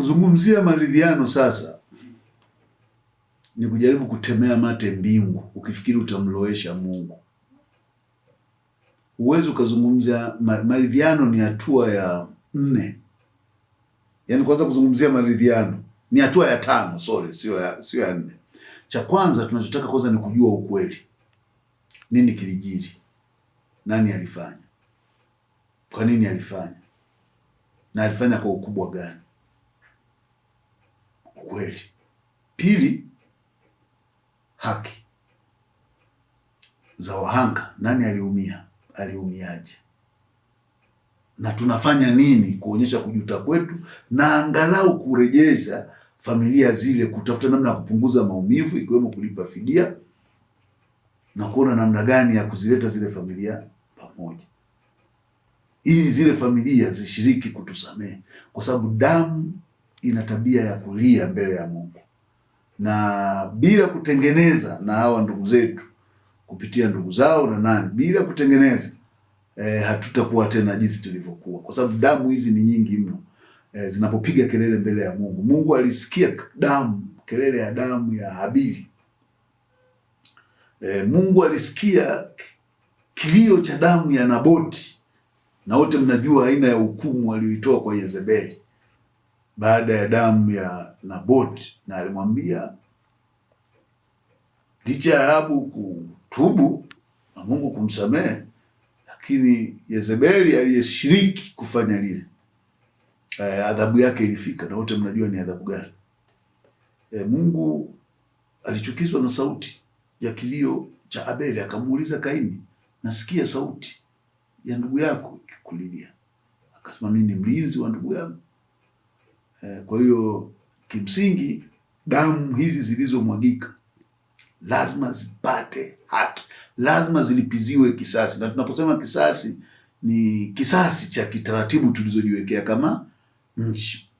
Kuzungumzia maridhiano sasa ni kujaribu kutemea mate mbingu, ukifikiri utamlowesha Mungu. Huwezi ukazungumzia maridhiano. Ni hatua ya nne, yaani kwanza kuzungumzia maridhiano ni hatua ya tano, sorry, sio ya sio ya nne. Cha kwanza tunachotaka kwanza ni kujua ukweli, nini kilijiri, nani alifanya, kwa nini alifanya na alifanya kwa ukubwa gani ukweli. Pili, haki za wahanga, nani aliumia, aliumiaje, na tunafanya nini kuonyesha kujuta kwetu na angalau kurejesha familia zile, kutafuta namna ya kupunguza maumivu, ikiwemo kulipa fidia na kuona namna gani ya kuzileta zile familia pamoja, ili zile familia zishiriki kutusamehe kwa sababu damu ina tabia ya kulia mbele ya Mungu na bila kutengeneza na hawa ndugu zetu kupitia ndugu zao na nani, bila kutengeneza e, hatutakuwa tena jinsi tulivyokuwa, kwa sababu damu hizi ni nyingi mno e, zinapopiga kelele mbele ya Mungu. Mungu alisikia damu, kelele ya damu ya Habili. E, Mungu alisikia kilio cha damu ya Naboti, na wote mnajua aina ya hukumu aliyoitoa kwa Yezebeli baada ya damu ya Naboti, na alimwambia licha ya Ahabu kutubu na Mungu kumsamehe, lakini Yezebeli aliyeshiriki kufanya lile e, eh, adhabu yake ilifika, na wote mnajua ni adhabu gani. E, Mungu alichukizwa na sauti ya kilio cha Abeli, akamuuliza Kaini, nasikia sauti ya ndugu yako ikikulilia. Akasema mimi ni mlinzi wa ndugu yangu Eh, kwa hiyo kimsingi, damu hizi zilizomwagika lazima zipate haki, lazima zilipiziwe kisasi, na tunaposema kisasi ni kisasi cha kitaratibu tulizojiwekea kama nchi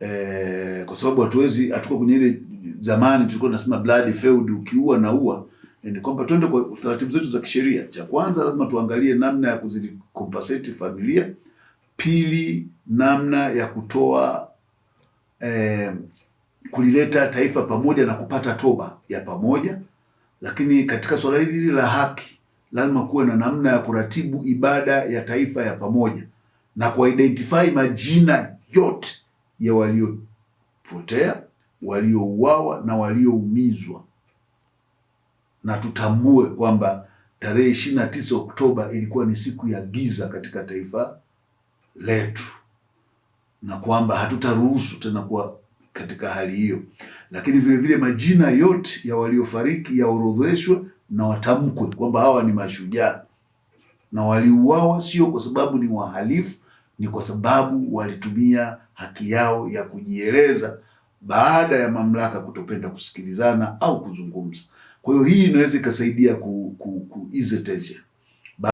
e, kwa sababu hatuwezi, hatuko kwenye ile zamani tulikuwa tunasema blood feud, ukiua na ua. Eh, ni kwamba twende kwa taratibu zetu za kisheria. Cha kwanza lazima tuangalie namna ya kuzikompensate familia, pili namna ya kutoa eh, kulileta taifa pamoja na kupata toba ya pamoja. Lakini katika suala hili la haki, lazima kuwe na namna ya kuratibu ibada ya taifa ya pamoja na kuidentify majina yote ya waliopotea, waliouawa na walioumizwa, na tutambue kwamba tarehe ishirini na tisa Oktoba ilikuwa ni siku ya giza katika taifa letu na kwamba hatutaruhusu tena kuwa katika hali hiyo, lakini vilevile majina yote ya waliofariki yaorodheshwe na watamkwe kwamba hawa ni mashujaa na waliuawa sio kwa sababu ni wahalifu, ni kwa sababu walitumia haki yao ya kujieleza baada ya mamlaka kutopenda kusikilizana au kuzungumza. Kwa hiyo hii inaweza ikasaidia ku, ku, ku ease tension.